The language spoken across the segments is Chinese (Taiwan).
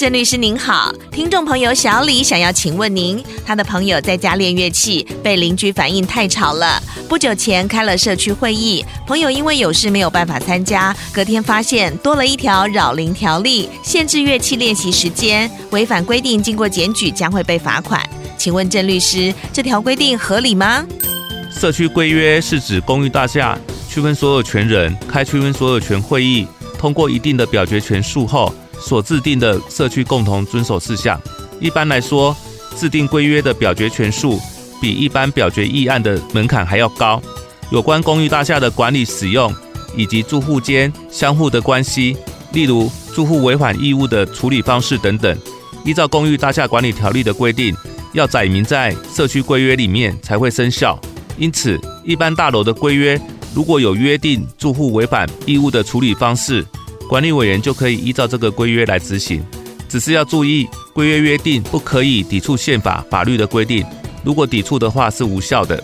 鄭律師您好，聽眾朋友小李想要請問您，他的朋友在家練樂器，被鄰居反映太吵了。不久前開了社區會議，朋友因為有事沒有辦法參加，隔天發現多了一條擾鄰條例，限制樂器練習時間，違反規定經過檢舉將會被罰款。請問鄭律師，這條規定合理嗎？社區規約是指公寓大廈區分所有權人開區分所有權會議，通過一定的表決權數後，所制定的社區共同遵守事項，一般來說，制定規約的表決權數比一般表決議案的門檻還要高。有關公寓大廈的管理使用以及住戶間相互的關係，例如住戶違反義務的處理方式等等，依照公寓大廈管理條例的規定，要載明在社區規約裡面才會生效。因此，一般大樓的規約如果有約定住戶違反義務的處理方式，管理委員就可以依照這個規約來執行，只是要注意，規約約定不可以抵觸憲法法律的規定，如果抵觸的話是無效的。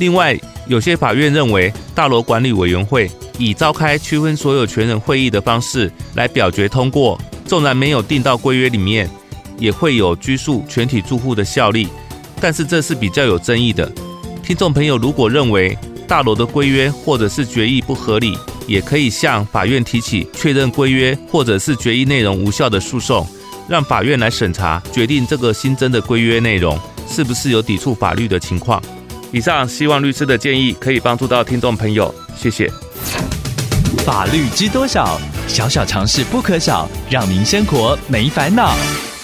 另外，有些法院認為，大樓管理委員會以召開區分所有權人會議的方式來表決通過，縱然沒有訂到規約裡面，也會有拘束全體住戶的效力，但是這是比較有爭議的。聽眾朋友，如果認為，大樓的規約或者是決議不合理，也可以向法院提起確認規約或者是決議內容無效的訴訟，讓法院來審查決定這個新增的規約內容是不是有抵觸法律的情況。以上希望律師的建議可以幫助到聽眾朋友，謝謝。法律知多少？小小常識不可少，讓您生活沒煩惱。